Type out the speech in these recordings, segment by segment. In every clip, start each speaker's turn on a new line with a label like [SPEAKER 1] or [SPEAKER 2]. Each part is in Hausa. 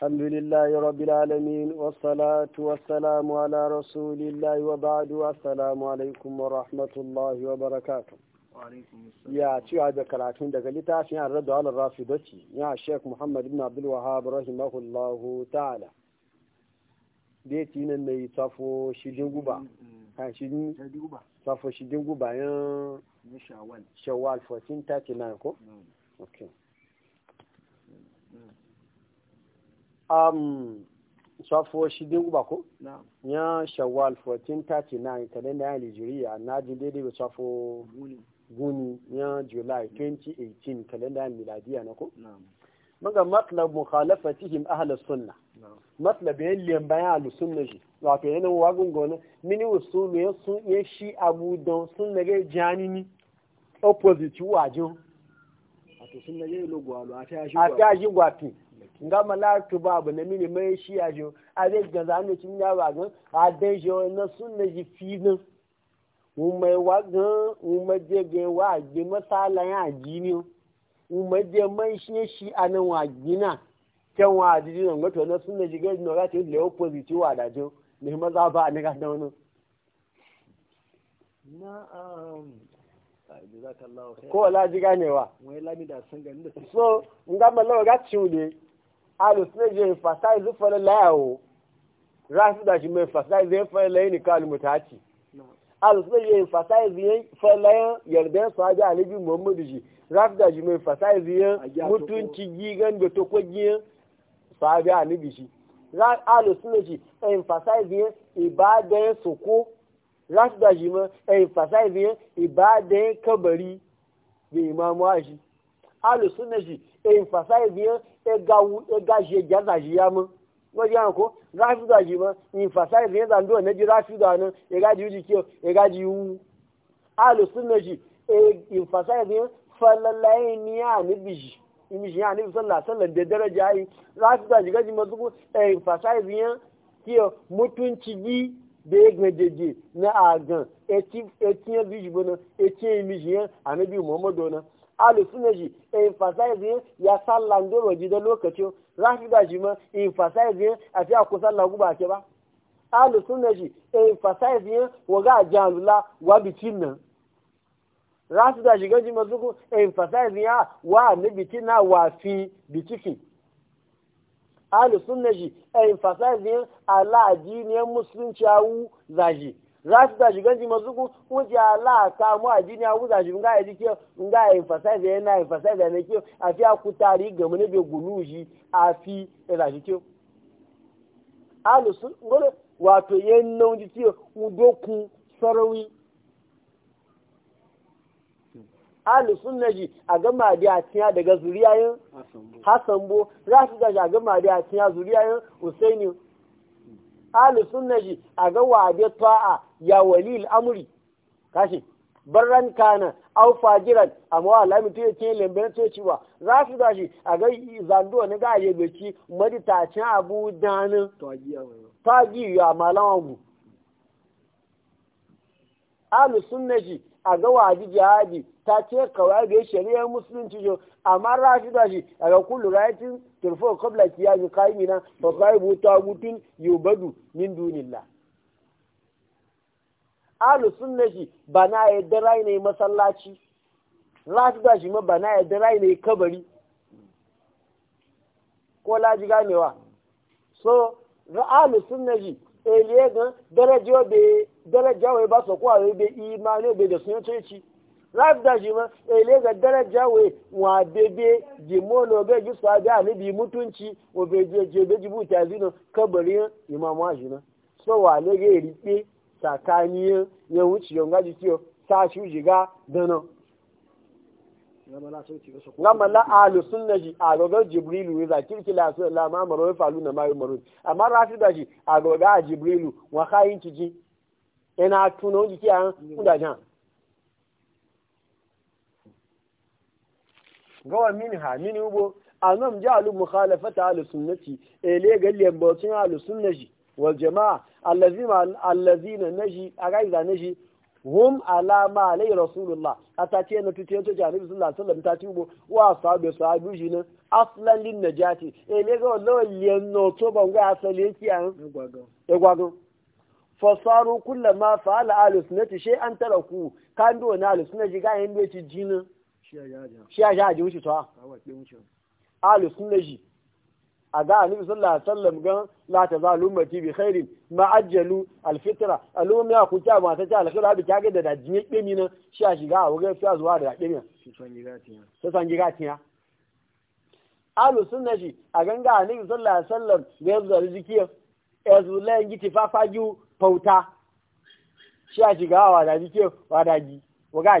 [SPEAKER 1] الحمد لله رب العالمين والصلاة والسلام على رسول الله وبعد السلام عليكم ورحمة الله وبركاته ya ci da karatun daga littafin an radu ala rafidoci ya sheik muhammad ibn abdul wahab rahimahullahu ta'ala da ya nan mai safo shijin guba kan shijin safo shijin guba ko? um safo shi dai uba ko ya shawwal 1439 kalenda ya nigeria na ji daidai da safo guni ya july 2018 kalenda ya miladiya na ko maga matlab mukhalafatihim ahl sunna matlab yalliyan bayan al sunna ji wato yana wagun gona mini usulu ya sun ya shi abu don sunna ga janini opposite wajin wato sunna ga logo alo a ta shi gwatin nga malatu babu na mini mai shi a jo a zai ga zanu cin ya ba gan a dai jo na sun na ji fina un wa gan un mai je ga wa ji masala ya ji ni un je mai shi shi anan wa gina kyan wa ji nan wato na sun na ji ga no ga ta le opposite wa da jo ne maza ba ne ga da wani na'am ko la ji ganewa so nga malawa ga ciwo ne alùsùnmẹ́jọ ìfàsáìzì fẹ́lẹ́ láàwò rásìdà ṣì mọ ìfàsáìzì fẹ́lẹ́ nìkan alùmùtàtì alùsùnmẹ́jọ ìfàsáìzì fẹ́lẹ́ yẹ̀rẹ̀dẹ́ sọ́jà àníbi muhammadu jì rásìdà ṣì mọ ìfàsáìzì yẹn mutunci yí gẹ́gbẹ́ tó kó yí sọ́jà àníbi alùsùnmẹ́jì ìfàsáìzì yẹn ìbáàdẹ́ sòkó rásìdà ṣì yẹn ìbáàdẹ́ kẹbẹ̀rí E emphasize yan ega e je jaza e ji ya mu wọ́n yára kó ráfíìdà yìí mọ́ emphasize yẹn zàndó ẹ̀nẹ́jì ráfíìdà náà ẹ̀gá di ojú kí ọ ẹ̀gá di wú. alùsùnmẹ̀jì emphasize yẹn fẹlẹ́lẹ́yìn ní àníbì yìí ìmìṣì yẹn àníbì sọ́là sọ́là dẹ́dẹ́rẹ́ jẹ́ ayé ráfíìdà yìí gẹ́jì mọ́ dúkú emphasize yẹn kí ọ mọ́túntì yìí bẹ́ẹ̀gbẹ̀dẹ̀dẹ̀ ní àgàn etí etí yẹn bí jùbọ́ náà etí yẹn ìmìṣì yẹn àníbì alu suna ji emphasize ya sallan doro ji da lokaci za shi ma emphasize a fiya ku sallan guba ke ba alu suna ji emphasize wa ga jalula wa bikin nan za shi ga shiga ji masu ku ya wa ni bikin na wa fi bikifi alu suna ji emphasize ala ajiniyar musulunci awu zaji za su da shigan jima zuku wuce alaka mu a jiniya wuza shi nga yaji ke nga emphasize yana emphasize yana ke a fi aku tari ga mu ne be gunu shi a fi ila e shi ke alusun ngole wato yen nan ji ce udoku sarawi alusun naji a gama da tiya daga zuriyayen hasan bo za su da a gama da tiya zuriyayen husaini alusun naji a ga wade ta'a ya wali al'amuri kashi barran kana au fajiran amma mawa alamu tuye ce lambar tuye ciwa za su shi a ga zando na ga ya beci maditacin abu danin tagi ya malama mu alu shi a ga waji jihadi ta ce kawai ga shari'ar musulunci jo amma shi da shi a ga kullu rayatin turfo kabla kiyaji kaimina fa kaibu tagutun yubadu min dunillah alu sunna shi ba na yadda rai ne masallaci rafida shi ma ba na yadda rai ne kabari ko laji ganewa so alu sunna shi eliye eh, gan darajo be darajawe ba so ko awe be imani be da sunan ceci rafida shi ma eliye eh, ga darajawe wa bebe jimono be ji so abi anibi mutunci wo be je je be jibuta zino kabarin imamu ajina so wa le ge tsakani ya wuce yau gaji kiyo sa shi ga dano gama la alu sunna ji a gagar jibrilu ya za la su da lama maro ya falu na mayu maro amma rafi da shi a gaga a jibrilu wa kayan ciki yana tuno jiki a kudajen gawa mini ha mini ubo a nan ji alu mukhalafata alu sunnati ele ga lembo alu sunna ji wal jama'a allazina allazina naji agaiza naji hum alama alai rasulullah ata ce na tuce to jani sallallahu alaihi ta tubo wa sahabe sahabu jinin aslan lin najati e le go lo le no to ban ga asali yake an egwago fasaru kullama fa'ala ahlus sunnati shay'an taraku kan do na ahlus sunnati ga yin do ci jinin shi shi ya ja wuce to ahlus sunnati a ga annabi sallallahu alaihi wasallam gan la ta zalu ummati bi khairin ma ajjalu al fitra alum ya ku ta ma ta ta al bi kage da dajin yake mi nan shi a shiga a wurin fiya zuwa da yake mi sai san giga tiya alu sunna shi a ganga annabi sallallahu alaihi wasallam ga yanzu rizikiya yi ti fafa ju pauta shi a shiga wa da jike wa da gi wa ga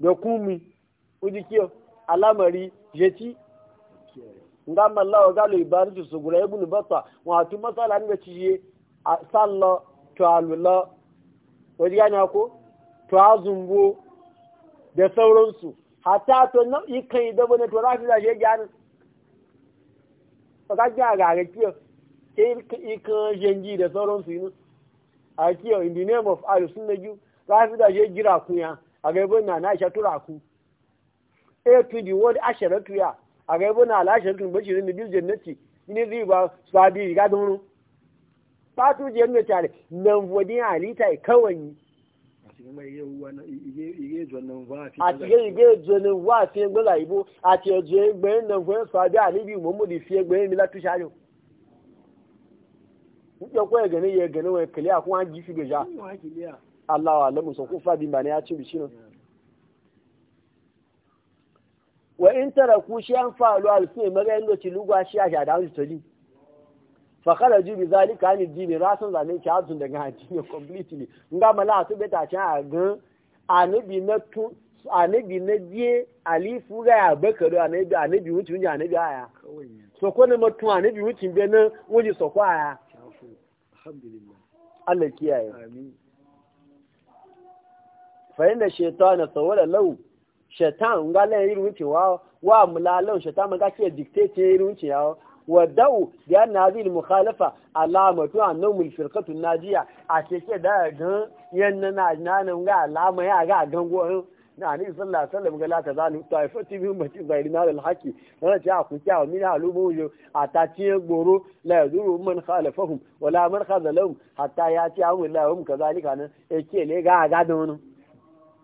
[SPEAKER 1] da kumi uji kiyo alamari jeti nga malla wa galo ibaratu su gura ibnu batta wa tu masala ni ciye a sallo to alula waji gani ko to azumbo da sauransu hatta to nan ikan da bane to rafi da je gani ka ga ga ga kiyo ikan jenji da sauransu yin a kiyo in the name of al sunna ju rafi da je gira kuya a gaibon na na isha tura ku a to the word ashara tuya a gaibon na alashar tun bashi rin bil jannati ni riba sabi ga dunu ba tu je ne tare nan wodi alita kawai àti ìgbé ìjọni wá àti ẹgbẹ́ làyíbó àti ẹ̀jọ́ ẹgbẹ́ ẹ̀nàfẹ́ fàájá àníbi ìmọ̀mọ́dé fi ẹgbẹ́ ẹ̀mí látúṣáyò nítorí ẹ̀gẹ̀ ní yẹ ẹ̀gẹ̀ ní wọn kẹlẹ́ àkúnwá jí fi gbèjà Allah wa alamu sun kufa bi mani ya ci bishi nan wa in taraku shi an fa'alu alfi magayin da ci lugwa shi a shada wani tali fa kharaju bi zalika an dini rasan zane ki hatun daga hanci ne completely nga mala su beta ci a ga anabi na tu anabi na biye alifu ga ya bakaru anabi anabi wuce wuce anabi aya so ne mutum anabi wuce bi nan wuce so aya alhamdulillah Allah kiyaye amin fa'inda shaitana tsawara lau shaitan ga lan irin wuce wa wa mulalan shaitan ga ke dictate e irin wuce ya wa da'u bi anna hadhihi al-mukhalafa alamatu annahum al-firqatu najiya a ke ke da gan yanna na nanan ga alama ya ga gango eh. na ni sallallahu alaihi wasallam ga la ta zalu taifati bi ummati ghairi nar al-haqi wa eh, ja ku ja min alumu yo atati e gboro la yaduru man khalafahum wala man khazalahum hatta yati amul lahum kadhalika nan e ke le ga ga da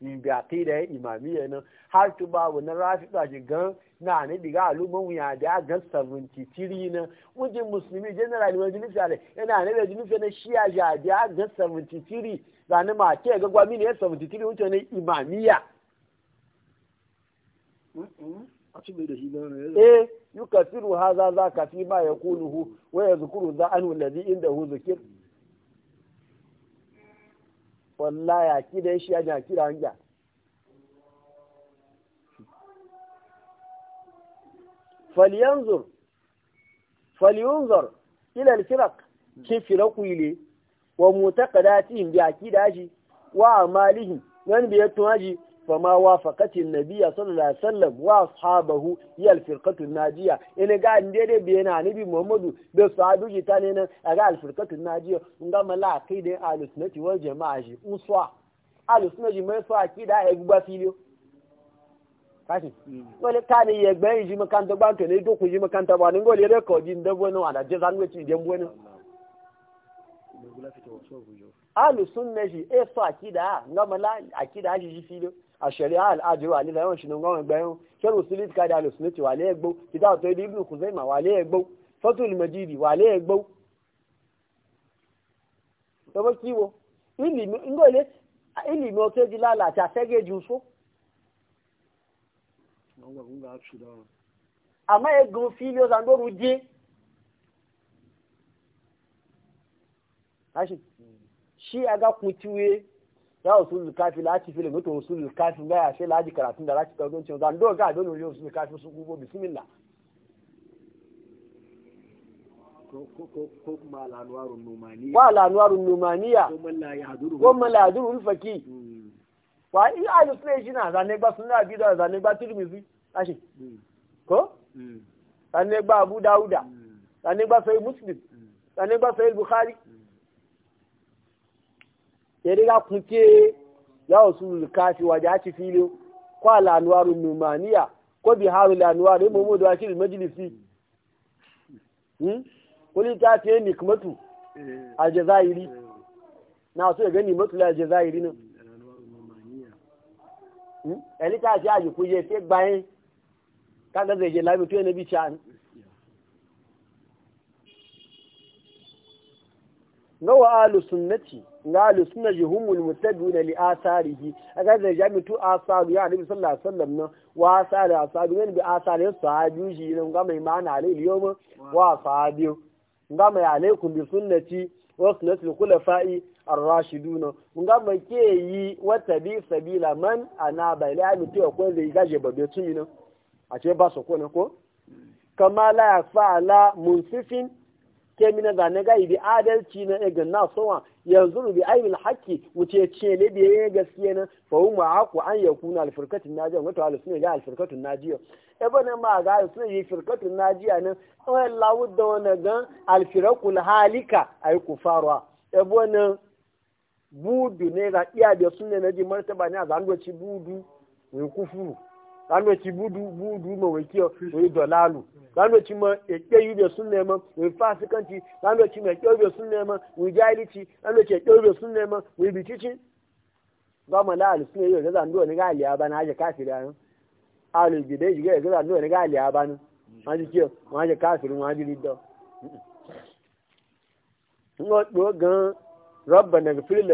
[SPEAKER 1] bi aqida imamiyya yana har tu ba wannan rafida shi gan na ne diga aluman wuya da e ga 73 na. wajen musulmi general wajen misali yana ne da jinfi na shiya ja da ga 73 ga ne ma ke ga gwami e ne 73 wuce ne imamiyya eh yukasiru haza za ka fi ma yakuluhu wa yazkuru za indahu zikr wallahi akida shi ya kira akida hanja falyanzur falyunzur ila alfiraq ki firaku ile wa mutaqadatihim bi akidaji wa amalihim nan biya aji. fama wa faƙacin nabiya sallallahu alaihi wasallam wa ashabahu yal firqatu najiya ina ga ndede bi yana muhammadu da sahabu jita ne nan ga al firqatu najiya in ga mala aqidin ahlus sunnati wal jamaa shi uswa ahlus sunnati mai so aqida e gba filio kashi wale kani ye gbe yi makanta ba to ne do ku yi makanta ba ni ngole record din da bueno ala je zanweci dem bueno ahlus sunnati e so aqida ga mala aqida shi àṣẹ̀rí àjẹwò àlílẹ̀ ẹ̀wọ̀n ṣìnà ọgọ́rùn-ún gbẹ̀rún ṣẹ́rù sílíìtì káàdì wà léègbó títà ọ̀tọ̀ ibi ibùdó kùsẹ́mà wà léègbó fọ́tò ìlùmọ̀jìdì wà léègbó. tọ́wọ́ kí wo ngọ́lé ìlìmọ̀ tó di lálẹ́ àti àṣẹ́gẹ́ ju só. àmọ́ egun fílíọ̀ sàndóru dé. ṣí aga kun tiwé. ya usulul kafi la ci filin mutu usulul kafi gaya sai la ji karatun da laki kaudon cewa zan doga ga don ne usulul kafi su gubo bismillah ko ko ma numaniya wa lanwarun numaniya ko ma la yaduru faki hmm. wa i alu sejina za ne gba sunna bi da zane ne gba tirmizi ashi hmm. ko hmm. zane gba abu dauda zane gba sahih muslim zane gba sahih bukhari yadda kuke ya wasu kafi waje a ci filin kwa lanuwarun numaniya ko bi haru lanuwarun yi muhammadu a shirin majalisi hmm? kuli ta fiye ce nikmatu eh. a jazairi eh. na so ya gani matula a jazairi nan ẹni ta fiye a ji kuje fiye bayan kaga zai je labi tuyo na bi can gawa alu sunnati ngalu suna ji humul na li asarihi a ga da jami tu asaru ya nabi sallallahu alaihi wasallam na wa asari asaru ne bi asari sahabi ji ne ga mai mana alai yawma wa sahabi ga mai alaikum bi sunnati wa sunnati al-khulafa'i ar-rashiduna ga mai ke yi wata bi sabila man ana bai la mi tu ko zai gaje tun yi na a ce ba su ko ne ko kama la ya fa'ala munsifin ke mina da na gaibi adalci na ga na sowa yanzu bi aibil haqqi wuce ce ne da yayin gaskiya na fa huma aqu an yakuna al firqatun najiya wato al sunna ga al firqatun najiya e ne ma ga sunna yi firqatun najiya nan wallahu da wannan ga al firqul halika ay kufarwa e ne budu ne ga iya da sunna na ji martaba ne a zangoci budu ne kufuru lánàá tí búdú búdú mọ̀ wẹ̀ kí ọ wẹ̀ dọ̀láàlù lánàá tí mọ èké yúbẹ̀ súnlẹ̀ ẹ̀mọ́ echi ma kàntì lánàá tí mọ èké yúbẹ̀ ekpe obi wẹ̀ jáìlì tí lánàá tí èké yúbẹ̀ súnlẹ̀ ẹ̀mọ́ wẹ̀ ibi títí. gbọ́mọ láàlù sún na ọ̀gá zàndó ní gáàlì abáná ajẹ káàkiri àná àlù ìgbèdè ìjìgẹ́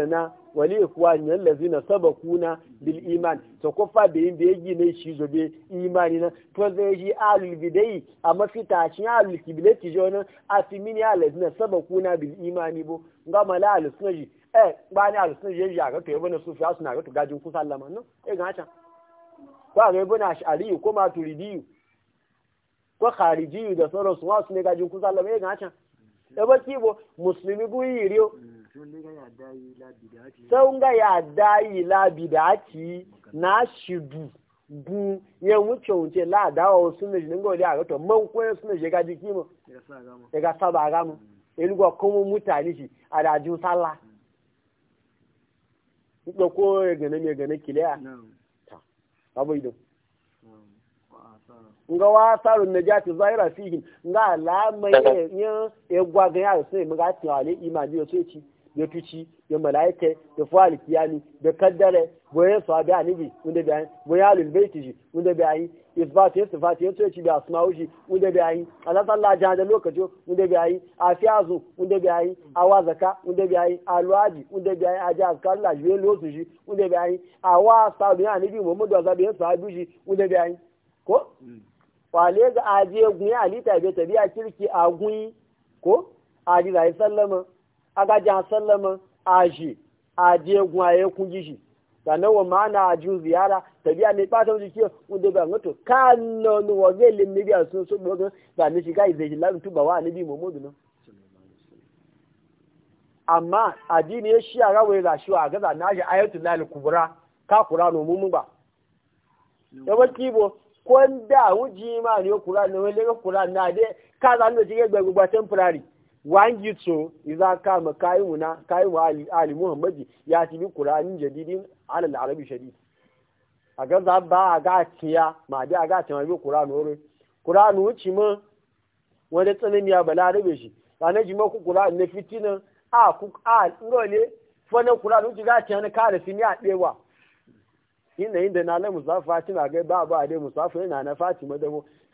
[SPEAKER 1] gan wali na saba kuna bil iman to ko fa yin da yi ne shi zobe imani na to zai ji alul bidai a fita shi alul kiblati jona asimini na saba kuna bil imani bo ga mala alul sunji eh ba ni alul sunji ya e ga to yabo su fiya suna ga to gajin ku sallama no eh ga ta ko ga yabo na ash'ari ko ma turidi ko khariji da sauransu wasu ne gajin ku sallama eh ga ta yabo kibo muslimi guyi riyo sun ya dayi labidaci na shidu bu ya wuce wuce wasu na a gato man koyar suna shiga jiki mu ya ga saba gamu ilgwa kuma mutane shi a dajin sallah ko gane mai gane kiliya abu idan nga wa fihin nga ya imani ya so ci da tuci da mala'ike da fuhal kiyami da kaddare boye sahabi anibi wanda bayan boye alul baiti ji wanda bayan isbat sifati ya tsoci bi asma'u ji wanda bayan Allah sallah jahan da lokaci wanda bayan afiyazu wanda bayan awazaka wanda bayan alwaji wanda bayan aja azkar la juwe losu ji wanda awa sahabi anibi muhammadu azabi ya sahabi ji wanda bayan ko wale ga aje gun ya alita be a kirki a gun ko aji zai sallama agajan sallama aji aje gwaye kun jiji sannan wa ma'ana a ju ziyara tabiya mai ɓata wajen kiyo wanda ba ngato kano ni wa zai limni biya sun so bogo ba ni shiga izai lalu tuba wa ni bi momodu no amma addini ya shi a rawai za shi a gaza na shi ayatul lal kubra ka kura no mun ba da wati bo kon da wuji ma ne kura ne wai le kura na de ka zan da jige gbagba temporary wangi so iza kama kayuna kayu ali ali muhammadi ya ci bi qur'anin jadidin ala al-arabi shadid aga za ba a tiya ma dai aga tiya bi qur'an ore qur'an wuci ma wani tsanani ya balarabe shi ranar jima ku qur'an na fitina a ku a ngole fana qur'an wuci ga tiya na kare sin ya dewa inda inda na la musafa fatima ga ba ba dai musafa yana na fatima da mu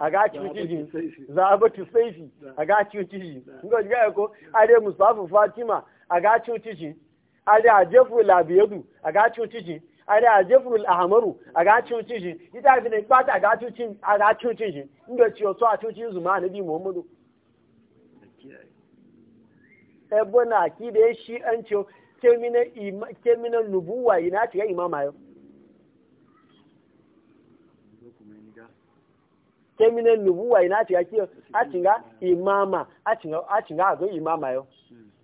[SPEAKER 1] a gaci wuciji zabatu saifi a gaci wuciji ngo ga ko are musafu fatima a gaci wuciji are ajefu labiyadu a gaci wuciji are ajefu ahmaru a gaci wuciji ita fi na pata a ga wuciji a gaci wuciji ngo ci oso a wuciji zuma muhammadu na kemina ina imama yau kemine nubuwa ina ci ake a cinga imama a cinga a zo imama yau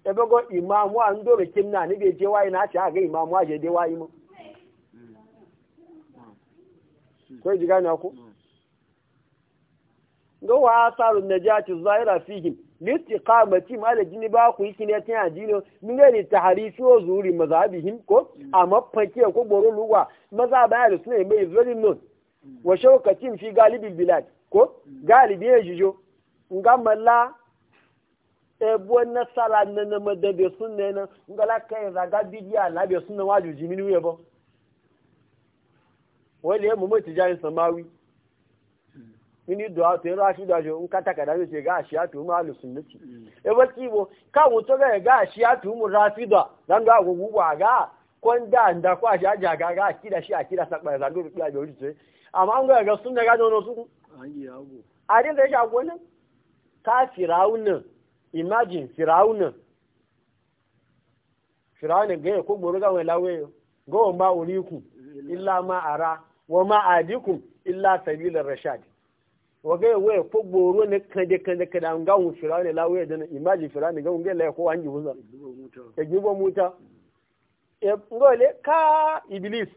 [SPEAKER 1] ebe go imamu an dole kimna ni bai je wayi na ci a ga imamu a je dai wayi mu ko e ji gane ku ga wa asarun najati zahira fihim listiqamati ma da jini ba ku yi kine tin adino min ga ni taharifi wa zuri mazhabihim ko amma fake ko boro lugwa maza ba da suna mai very known wa shaukatin fi galibi bilad ko galibi ya jijo nga mala ebo na sala na na mada be sunne na nga la kai za ga bidiya la be sunna waju jimini webo wani ya mumu tijayin samawi mini duwa to yi rashi da shi nka takada ne ce ga shi ya tumu alu sunnati e ba kibo ka wuto ga ga shi ya tumu rafida dan ga gugu ba ga kon da nda kwa shi aja ga ga kida shi akida sakba za ndu rubiya be wuri ce amma an ga ga sunna ga dono su adin da ya shago nan ka firawunan imagine firawunan firawunan ganye ko gboro gawon lawaye gawon ma oriku illa ma ara wa ma adikun illa sabilar rashad wa ganye waya ko gboro ne kade kande kande an gawon firawunan lawaye da imagine firawunan gawon gaya laye ko hangi wuza ya gbo muta ya ngole ka iblis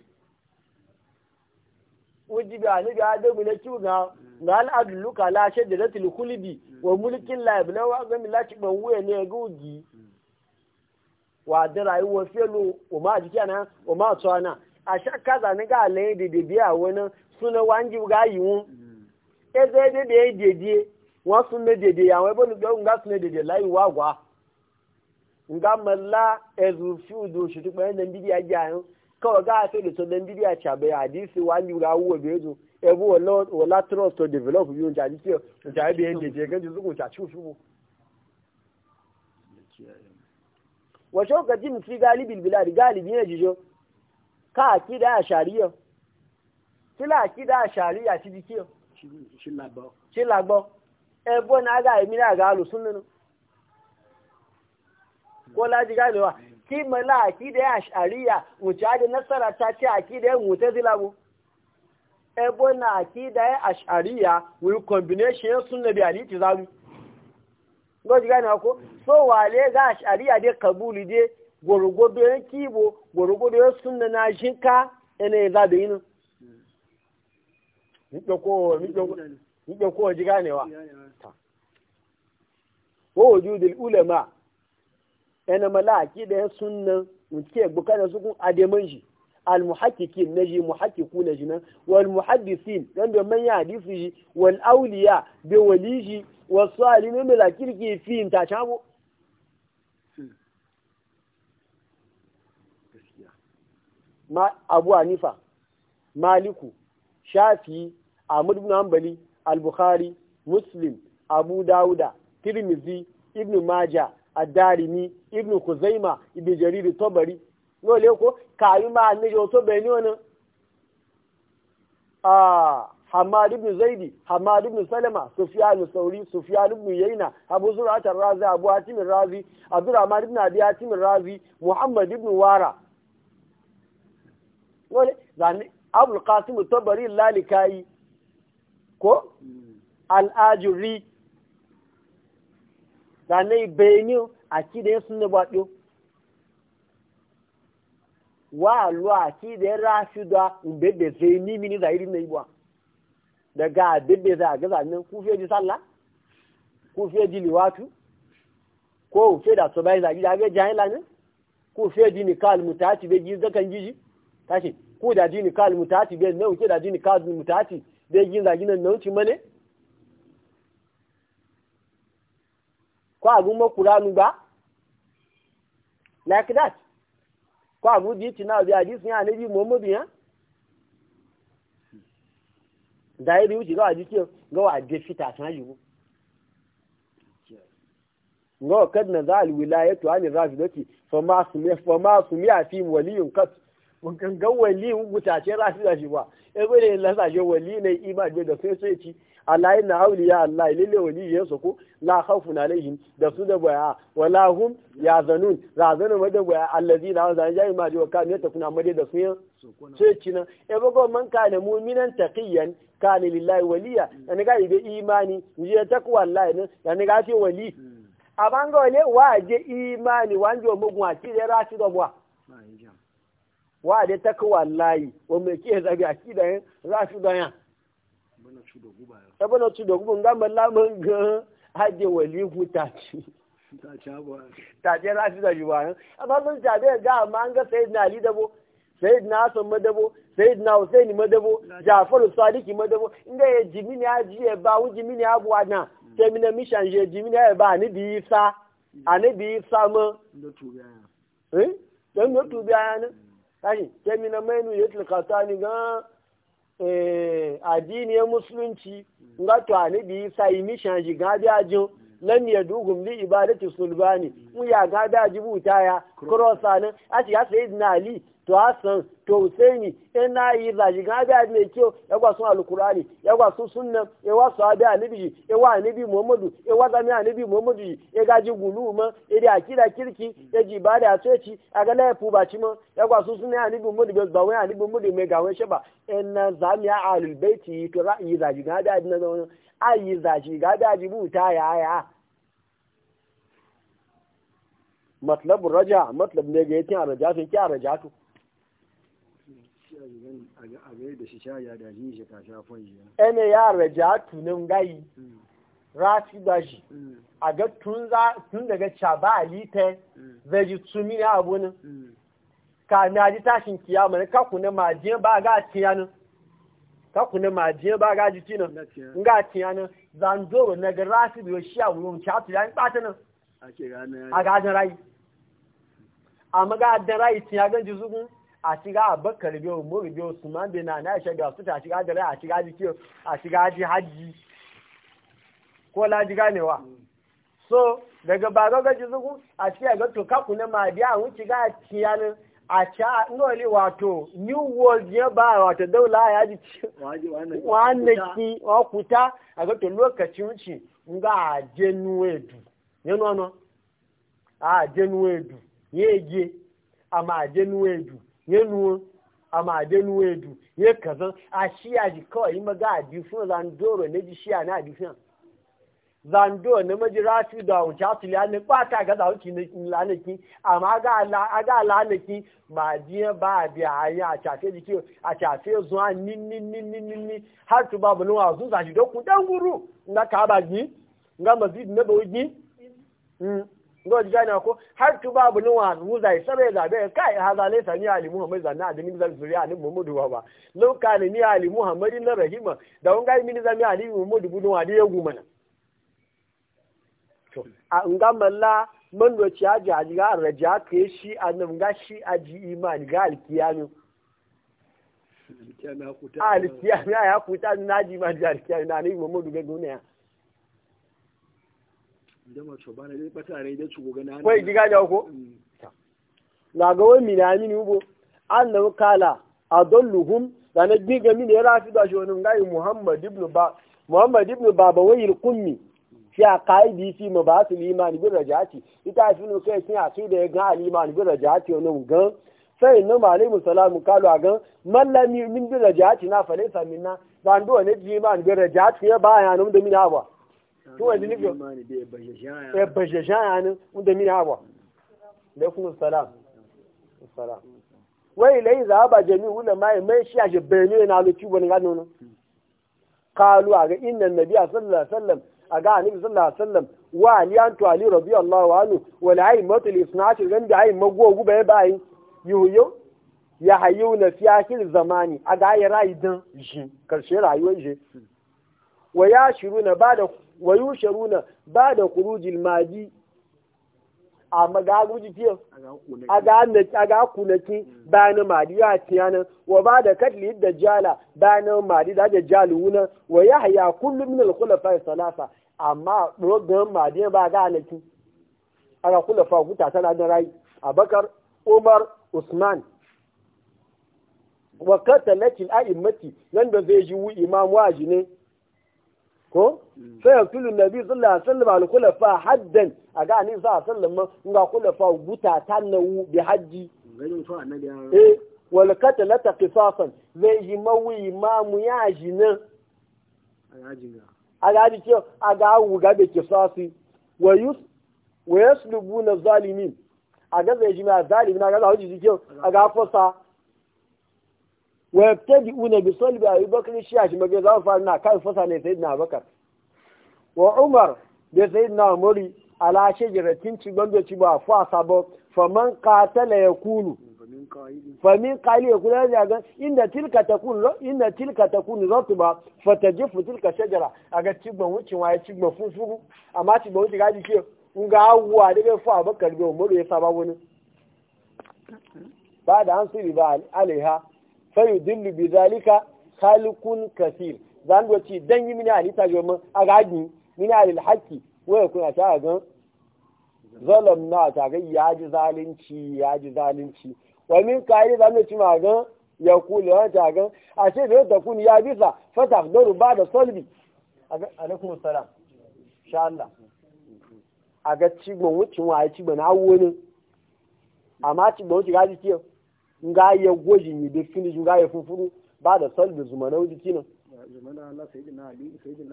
[SPEAKER 1] wajen ga ni ga adamu na kiwu ga ga al'adullu Luka lashe da na tilkulibi wa mulkin laibila wa ga mi ban wuya ne ga ugi wa da rayuwa felo wa ma jiki ana wa ma tsana a shakka zane ga alayi da bibiya wani suna wanji ga yiwu e zai da da ya dede wọn sun ne dede yawon ebe ni gbẹrun ga sun ne dede layi wa gwa nga malla ezufiu do shutukpa yadda bidi ya ji ayon kawai ga a fere sodan bidiya cha bai hadisi wa ni ga wuwa bai zo ebu wala trust to develop yun ta ji ce ta bi en da ga ji zuku cha chu shubu wa shauka jin fi galibil bilad galibi ne jijo ka akida a shari'a kila akida a shari'a ti dikiyo shi lagbo shi lagbo ebo na ga emi na ga alusun nanu ko laji ganewa ki mala akida ya ashariya wuce da nasara ta ce akida ya mutazila mu ebo na akida ya ashariya will combination ya sunna bi aliti zalu ngoji ganewa ko so wale ga ashariya dai kabuli dai gwargwado ya kibo gwargwado ya sunna na shinka ene ya zabe yinu Nike kowa ji ganewa. Wa wujudul ulama yana malaki da ya sunna muke bukana su kun ademan shi almuhakkikin na ji muhakkiku na ji nan wal muhaddisin dan da ya hadisi ji wal awliya da waliji was wal salihin da fi ta chabo ma abu anifa maliku shafi ahmad ibn hanbali al-bukhari muslim abu dauda tirmizi ibn majah adarimi ibn kuzaima Ibi jariri tabari no le ko kayi ma ni jo to be ni wona ah hamad ibn zaidi hamad ibn salama sufyan sauri sufyan ibn yaina abu zur'at ar-razi abu atim ar-razi abdurrahman ibn abi atim ar-razi muhammad ibn wara wole zani abul qasim tobari lalikai ko al-ajuri da na ibeyin a ki da sun da baɗo wa luwa a ki da rafi da ubebe zai ni mini da irin na ba daga abebe za a gaza nan kufe ji sallah kufe ji liwatu ko kufe da su bai zagi da ga jahin lanin kufe ji ni kal mutaci bai gizo kan giji tashi ku da ji ni kal mutaci bai nan kufe da ji ni kal mutaci bai gizo zagi nan nan mane ko abun makuranu ba like that ko abu di tina bi hadisi ya nabi muhammadu ya dairi e wuce gawa jike gawa je fita san yiwu gawa kad na za alwilayatu an rafidati fa ma sumi fa ma sumi fi waliyun kat mun kan ga za su da shi ba e gode la sa je wali ne iman da sai sai ci alayi na hauli ya Allah lile wani ya soko la khawfun alaihim da su da baya wala hum ya zanun za zanun ma da baya allazi na zan jayi ma jiwa waka ne ta kuna made da su yan ce kina e bago man kana mu'minan taqiyan ne lillahi waliya mm. yani ga ibe imani ya takwa Allah ne yani ga ce wali mm. abanga wale wa je imani wanjo mugun a ci da rashi da bwa wa da takwa Allah wa me ke zabi akida yan eh? rashi da yan sabana su da nga ma lamun ga haje wali huta ci ta ce na fi da shi ba amma sun be ga amma an ga sayyidina ali dabo sayyidina hasan madabo sayyidina husaini madabo jafaru sadiki bo inda ya jimini ya jiye ba wu jimini ya buwa na mm. terminal mission je jimini ya ba ni bi sa ani bi sa mo eh dan no tubi ayana mm. kashi terminal menu yetlika tani ga Eh, addiniyar musulunci nga to bi sai yi mishan shi gabi ajin lan ya dugum li ibadati sulbani mu ya gabi ajibuta ya krosa nan a shiga sayyidina ali to asan to usaini ina yi zaji ga ga ne kiyo ya gwa sun alqur'ani ya gwa sun sunna ya wa sahabi annabi ya wa annabi muhammadu ya wa zami annabi muhammadu ya gaji guluma ya da akira kirki ya ji ba da tsoci a ga laifu ba ci ma ya gwa sun sunna annabi muhammadu ba wai annabi muhammadu mai gawan shi ba ina zami ya alul baiti to ra'ayi zaji ga da na zauna ayi zaji ga da jibuta ya ya matlab raja matlab ne ga yatin raja sun kya raja to ene ya raja tunan gayi rafi bashi a ga tun daga caba alita zai ji tsumi na abunin ka na ji tashin kiyama na kakuna majiya ba ga tiyanin kakuna majiya ba ga ji tinan ga zandoro na ga rafi biyo shi a wurin catu ya yi ɓatanin a gajin rayu a magadan rai tiyagan ji zugun a shiga abakar biyu umar biyu ma bi na aisha da su ta shiga dare a shiga ji a shiga ji hajji ko laji ganewa so daga baga gaji zuku a shiga ga to kaku na ma biya mun shiga ciyanin a ca nole wato new world ya ba wato daula ya ji wannan ki kuta a ga to lokacin wuce nga jenuwedu yanu ano a jenuwedu yege ama edu. ya nuwo ama ma'adai nuwo ya du ya kazan a shiya ji kawai maga a difin zandoro na ji shiya na difin zando na majirasi da wuce su liyani kwata ga zawuci na lanaki amma ga lanaki ma jiya ba a biya hanya a cafe jiki a cafe zuwa ninninninninni har tu babu nuna zuwa shi don kudan guru na kaba gi na mazid na bawu gi hmm. ngo jigani ko har tu babu ni wa muza isabe da be kai haza zalai sani ali muhammad zanna adini zan zuriya ni muhammadu wa ba loka ne ni ali muhammad na rahima da wanga mini zami ali bu bunu wa dai gu mana to a nga malla man do ci aji aji ga raja ke shi annam ga shi aji iman ga alkiyami alkiyami ya kuta naji ma alkiyami na ni muhammadu ga duniya kwai giga da ko mm. na ga wani mina ubo an na kala a don luhum da na giga mini ya rafi da shi wani muhammad ibn ba muhammad ibn baba wayil kummi fi a ma ba su limani bin rajati ita fi no kai sun a da ya wani gan sai na malai musalamu kalu a gan mallami min na falaisa minna dan do ne limani ya da mina ba to wani ne ya baje jaya ne wanda mi hawa kuma salam salam wai lai za ba jami wula mai mai shi a jibbe na lokaci wani gano nan kalu a ga inna Nabiya sallallahu alaihi wasallam a ga annabi sallallahu alaihi wasallam wa ali an to ali radiyallahu anhu wal aimatu matul isnaati gan da aim magogu bai bai yuyo ya hayu na fi akil zamani a ga ya rayu dan shi karshe rayuwar shi wa ya shiru na ba da wa yusharuna ba da kurujil maji a magaguji fiye a ga kunaki mm. bayan madi ya tiyana wa ba da katli da jala bayan madi da da wuna wa ya haya kullum min al-khulafa salasa amma dogon madi ba ga alaki ga khulafa guta tana da rai abakar umar usman wa katalati al-a'immati nan da zai ji imamu waji ne ko sai yasulu nabi sallallahu alaihi wasallam al kulafa haddan aga ni sa sallama nga khulafa na tanawu bi haji eh wal qatlata qisasan zai yi mawu imamu ya jina aga ji ce aga wuga da qisasi wa yus wa yaslubuna zalimin aga zai ji ma zalimin aga za ji ce aga fosa wa yabtadi'una bi salbi abi bakr shi'a shi maga za faru na kan fasa ne na abakar wa umar da sai sayyidina umari ala shajaratin ci gando ci ba fa sabo faman qatala yakunu famin qali yakunu da ga inda tilka takun inda tilka takun ratba fatajifu tilka shajara aga ci ban wucin waye ci ban funfuru amma ci ban wucin gaji ke nga awwa daga fa abakar ga umar ya saba wani ba da an siri ba alaiha fayu dillu bi zalika khalqun kathir zan do ci dan yi mini alita gama agadi mini alil haqqi waya kun asha ga zalam na ta ga ya ji zalunci ya ji zalunci wa min kai zan ci ma ga ya kula ya ta ga ashe da ta kun ya bisa fatahdaru ba da solbi alaikum salam insha Allah a ga cigbon wucin wa ya cigbon awo ne amma cigbon wucin ga ji kiyo nga goji gwaji ni da fini nga fufuru funfuru ba da salbi zumana wuji kina sai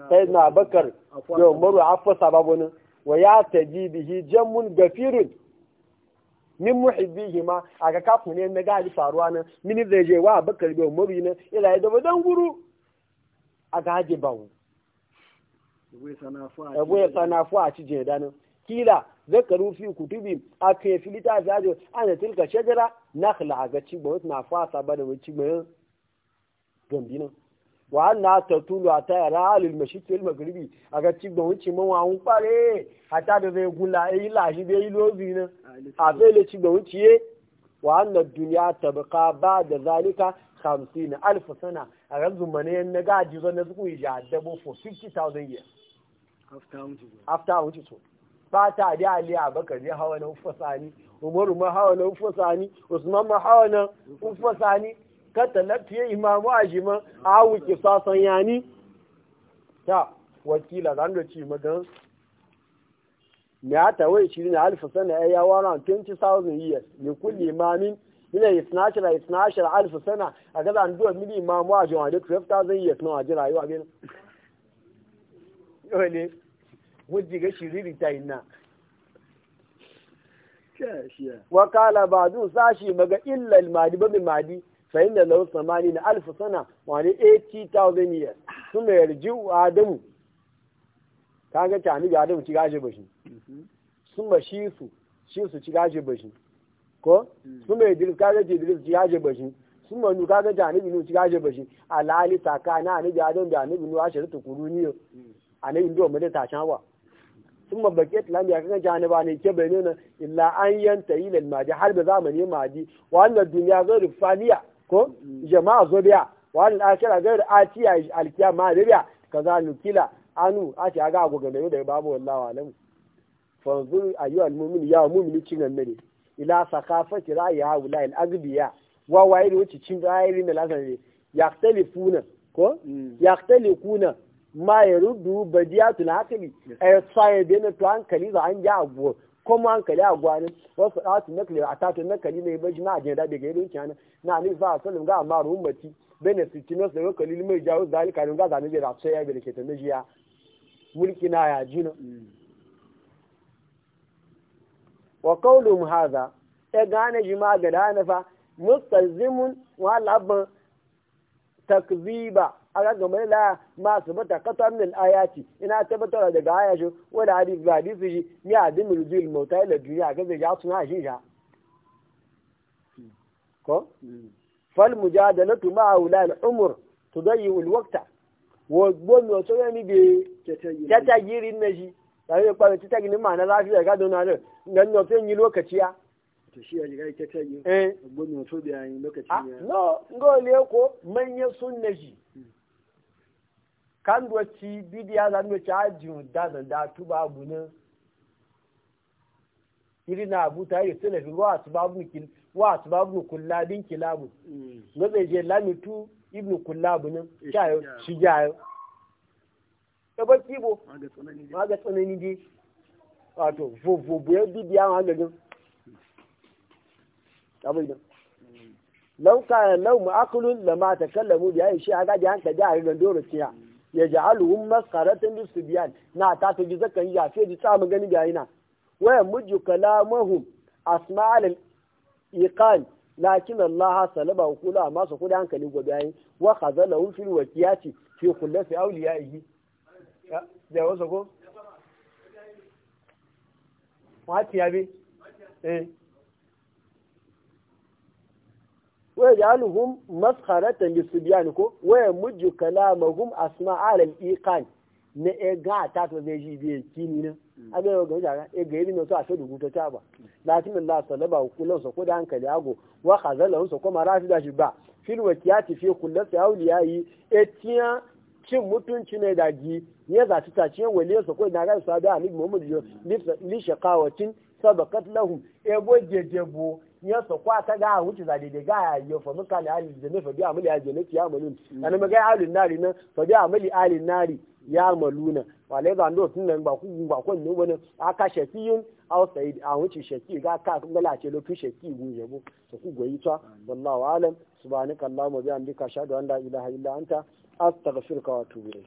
[SPEAKER 1] sayyidina bakar da umaru afasa babu nan wa ya taji bihi jammun gafirun min muhibbihi ma aka kafune ne na gadi faruwa nan min zai je wa Abakar da maru nan ila da daba dan guru a gaje bawo Ebe ya sanafu a cije danin. kila zakaru fi kutubi a kai filita ta jo ana tilka shajara nakhla ga ci ba na fasa ba da wuci mai gambina wa anna tatulu atayara alil mashit al maghribi aga ci ba wuci mun wa un pare hata da zai gula yi la shi bai lozi na a bele ci ba wuci ye wa anna dunya tabqa ba da zalika 50000 sana a ranzu mane na gaji zo na zuku ya dabo for 50000 years after wuci so fata da ali abakar ya hawa na ufasani umaru ma hawa na ufasani usman ma hawa na ufasani ka talafiye imamu ajima a wuce sasan yani ta wakila zan da ci magan me ta wai ishirin alfa sana ya yawa ran 20,000 years ne kulli imamin ina isnashira isnashira alfa sana a gaza ndo mini imamu a ajima da 12,000 years na waje rayuwa gina wujji ga shiriri ta inna wa kala ba zuwa sashi maga illa al-madi ba madi sayin da lahu samani na alfa sana wa ni 80000 years kuma yarjiu adamu ta ga tani ga adamu ci gashi bashi mm-hmm. su ma shi su shi su ci gashi bashi ko mm. sun ba idris kaga ji idris ci gashi bashi sun ba nu kaga tani binu ci gaje bashi alali sakana ni ga adamu da ni binu ashiratu kuruniyo a mm. anayi ndo mede ta chanwa ثم بقيت لم يكن جانبان كبنون الا ان ينتهي للماضي حرب زمن ماضي وان الدنيا غير فانيه كو جماعة زبيا وان الاخره غير آتية القيامة ربيا كذا نكلا انو اتي اغا أغو غنيو دي بابو الله أعلم فانظر أيها المؤمن يا مؤمن تشنن مري الى ثقافه راي هؤلاء الاغبياء ووايرو وتشين رأي رمي لازم يختلفون كو يختلفون ma ya rudu badiyatu eh, na hakali a tsaye da yana to hankali za an ja abuwa kuma hankali a gwanin wasu ɗasu na kalewa a tatun na kali mai baji na ajiyar daga irin kyanin na ne za a sanin ga amma rummati bai na sitinos da yau kalili mai jawo zalika ne ga zane bai rasu ya bai da ke ta najiya mulki na ya jina mm. wa kaulum haza ya gane ji ma ga dana fa mustazimun wa labban takziba aga game la masu bata kata min ayati ina tabbatar daga ga shi wala hadis ba hadis shi ni adin rujul mauta ila duniya ga zai ya suna shi ja ko fal mujadalatu ma ula al umur tudayi al waqta wo gbonu to yani be tata yiri na shi da da kwanan tata gini na lafiya ga dona ne nan no fe yi lokaci ya to shi ya ga tata yi gbonu to biya lokaci ah, ya no le ko manyan sunna shi hmm. kandwaci doci bidiya zan doci ajiyun da zan da tuba abu ne iri na abu ta yi sulafi wa su babu wa su babu kilabu mm. na zai je lamitu ibnu kullabu ne shayo shi jayo ta e ba kibo ma ga tsanani dai wato vovobo ya bidiya ma ga gan abin da lau kayan lau mu akulun da ma ta kallamu da ya yi shi a gaji hankali a rigar doro ciya ya ja'aluhum maskaratan biyan na ta ta ji zakan ya fe ji tsamu gani ga yana wayan muji kalamuhum asma'al al-iqan lakin Allah salaba kula amma kudi hankali gobe yayi wa khazalahum fil waqiyati fi kullati awliyaihi ya wasa ko wati yabi eh ويجعلهم مسخرة للصبيان كو ويمج كلامهم أسماء على الإيقان na e ga ta to zai ji biye kini ne a bai ga ga e ga irin to a shi rubuta ta ba lakin Allah sallaba kullun sa ko da hankali ago wa khazalahum sa ko rafi da shi ba fil wakiyati fi kullu awliyayi etiya cin mutunci ne da gi ya zaci ta cin waliyan sa ko da ga sabi Ali Muhammad li shaqawatin sabakat lahum e bo ya so kwa ta ga wuce za daidai ga ya fa muka da ali da fa bi amali ajene ki amalun ana maga ali nari na fa bi amali ali nari ya malu maluna wale ga ndo tun nan ba ku ba ko ne wani aka shafiyun outside a wuce shafi ga ka kun gala ce lokacin shafi gun yabo to ku goyi ta wallahu alam subhanakallahumma bihamdika ashhadu an la ilaha illa anta astaghfiruka wa atubu ilayk